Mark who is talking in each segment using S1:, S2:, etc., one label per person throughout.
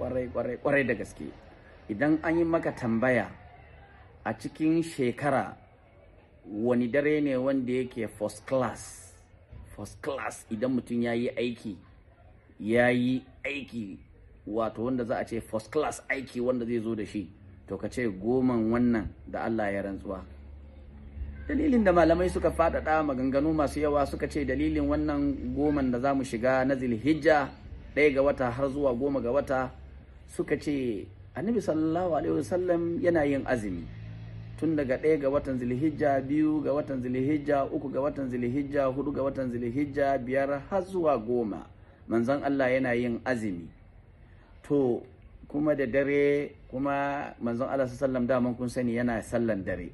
S1: kwarai kwarai kwarai da gaske idan an yi maka tambaya a cikin shekara wani dare ne wanda yake first class first class idan mutum ya yi aiki ya yi aiki wato wanda za a ce first class aiki wanda zai zo da shi to ka ce goman wannan da Allah ya rantsuwa dalilin da malamai suka faɗaɗa maganganu masu yawa suka ce dalilin wannan goman da za mu shiga na zilhijja ɗaya ga wata har zuwa goma ga wata suka ce annabi sallallahu alaihi wasallam yana yin azumi tun daga ɗaya ga watan zilhijja biyu ga watan zilhijja uku ga watan zilhijja hudu ga watan zilhijja biyar har zuwa goma manzon Allah yana yin azumi to kuma da dare kuma manzon Allah sallam daman kun sani yana sallan dare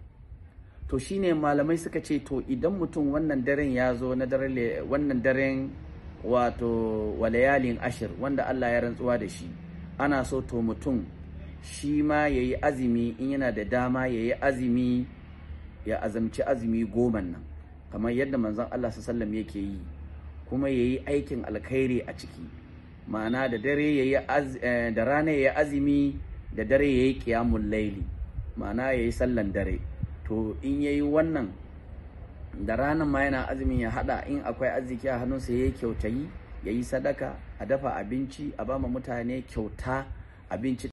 S1: to shine malamai suka ce to idan mutum wannan daren ya zo na daren wannan daren wato walayalin ashir wanda Allah ya rantsuwa da shi ana so to mutum shi ma ya yi azumi in yana da dama ya yi azumi ya azamci azumi goma nan kamar yadda manzon Allah sallam yake yi kuma ya yi aikin alkhairi a ciki ma'ana da dare eh, da rana ya yi azumi da dare ya yi kiyamun laili ma'ana ya yi sallan dare to in ya yi wannan da ranar ma yana azumin ya hada in akwai arziki a hannunsa ya yi kyautayi Yayi sadaka a dafa abinci a bama mutane kyauta abinci